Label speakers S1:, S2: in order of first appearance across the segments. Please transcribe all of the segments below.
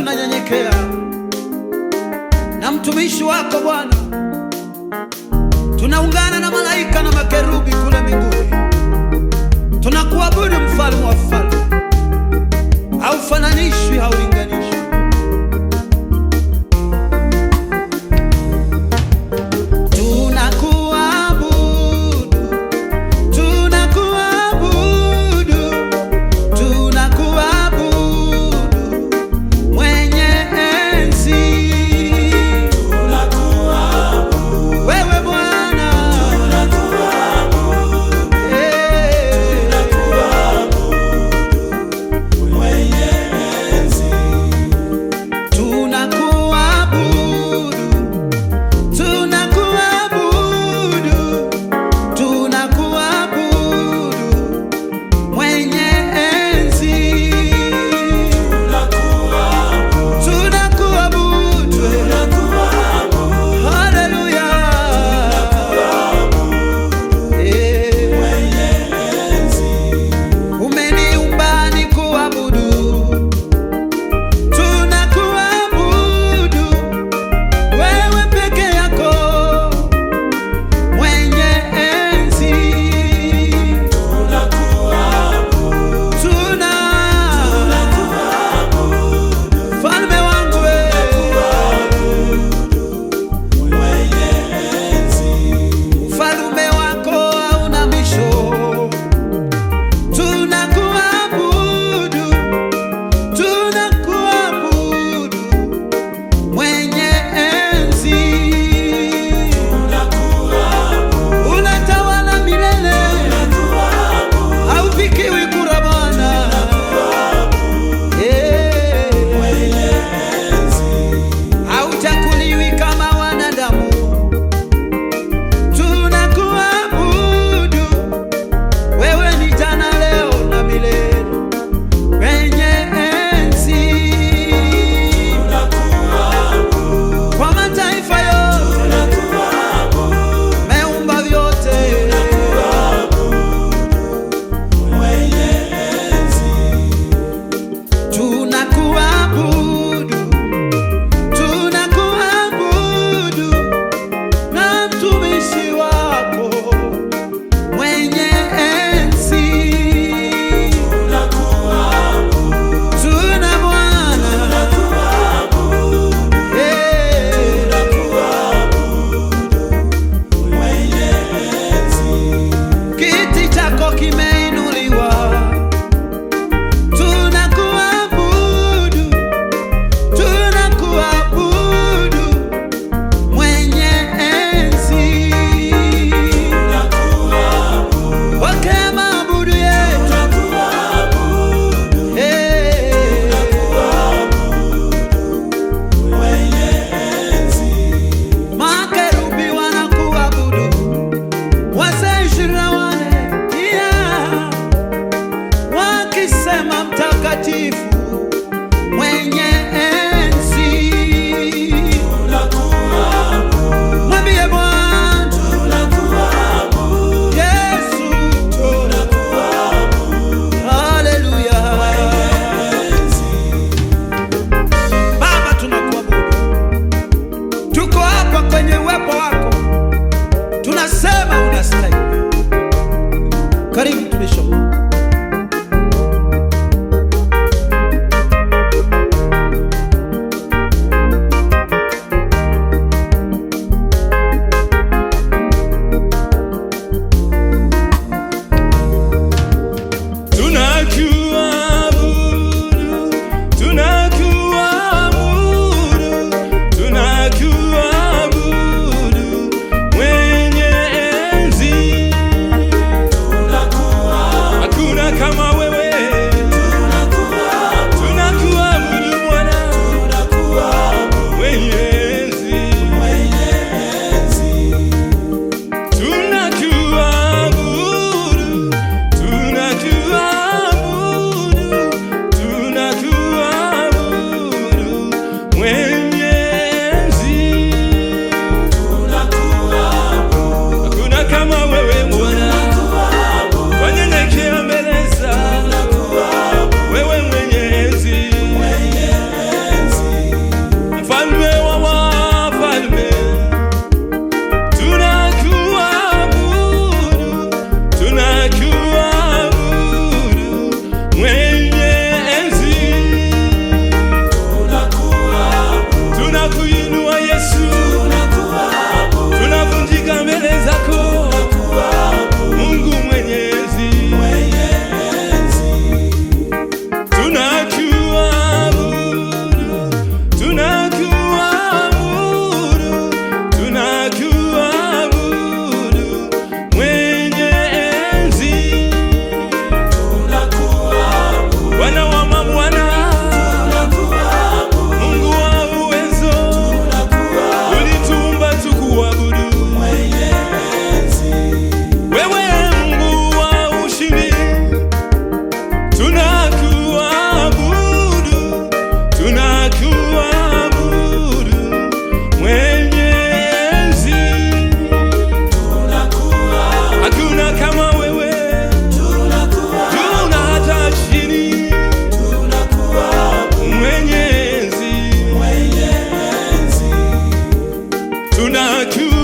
S1: tunanyenyekea na mtumishi wako Bwana, tunaungana na malaika na makerubi kule mbinguni, tunakuabudu mfalme wa falme, haufananishwi haulinganishwi. you are. to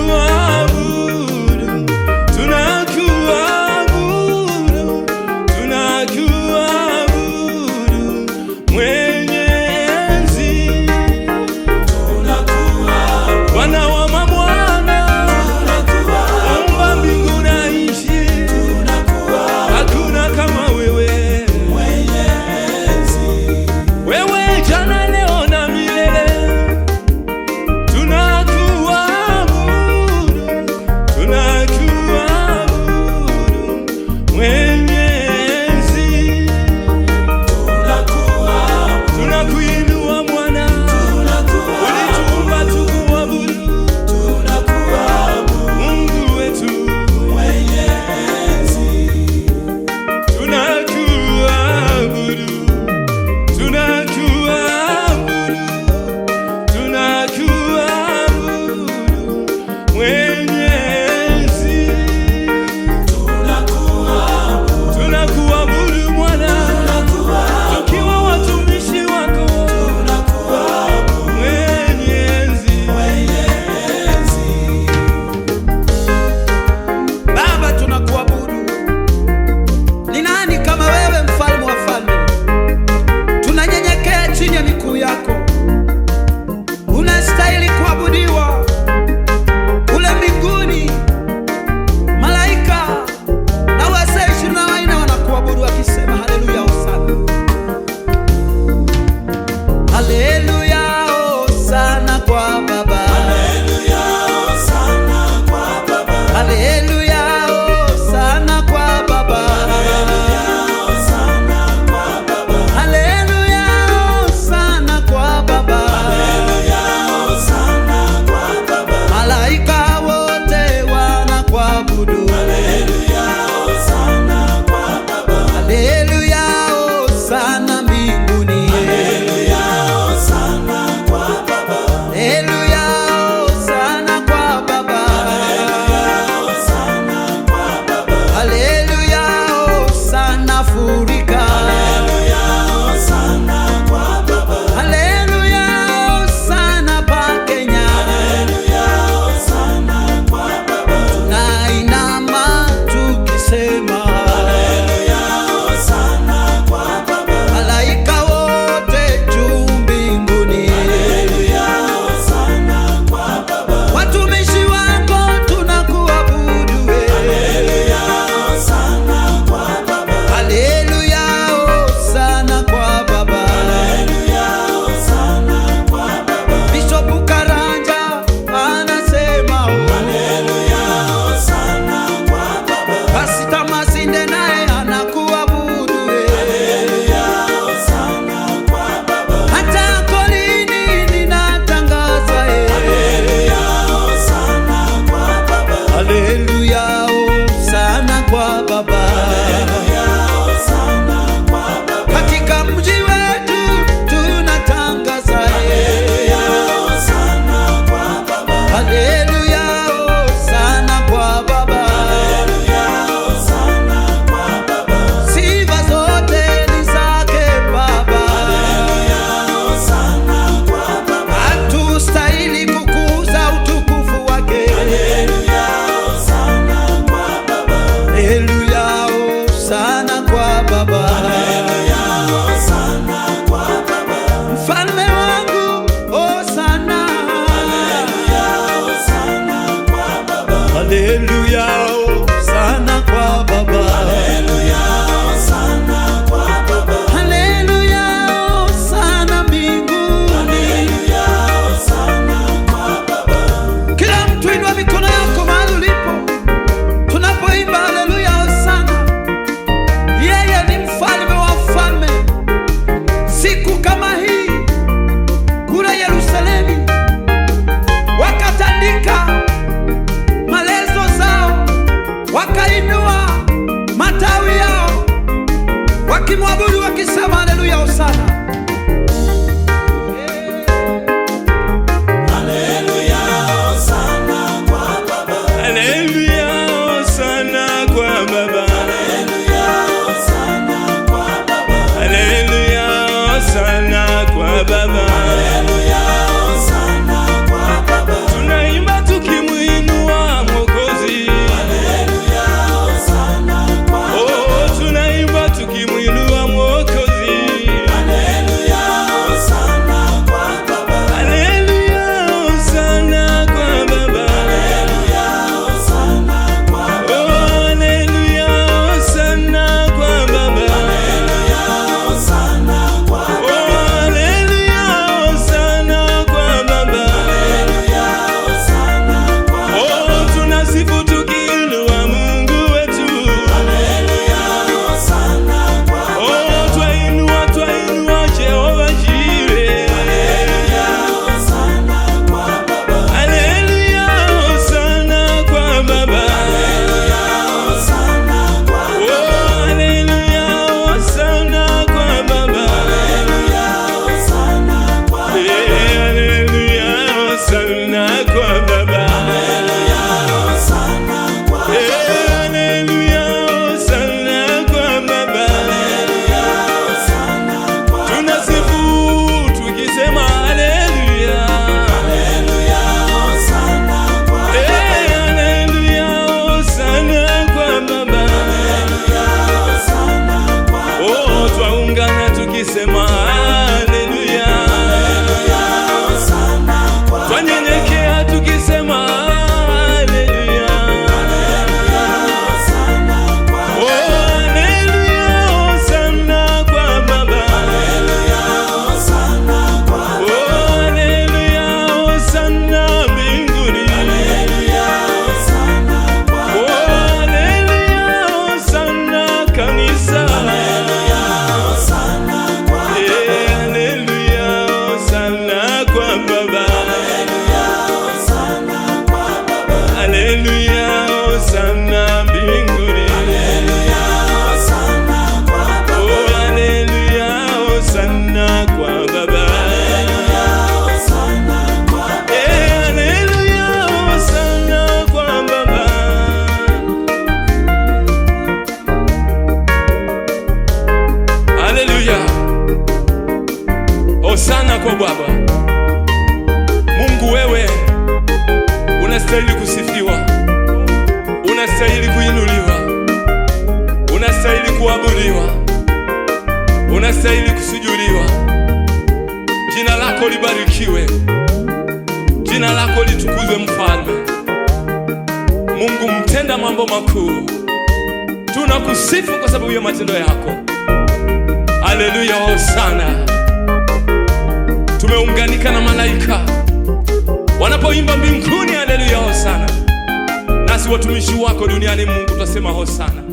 S1: kadar sana kwa Baba Mungu, wewe unastahili kusifiwa, unastahili kuinuliwa, unastahili kuabudiwa, unastahili kusujudiwa. Jina lako libarikiwe, jina lako litukuzwe, Mfalme Mungu mtenda mambo makuu. Tunakusifu kwa sababu ya matendo yako. Haleluya, hosana tumeunganika na malaika wanapoimba mbinguni, haleluya, hosana. Nasi watumishi wako duniani, Mungu, twasema hosana.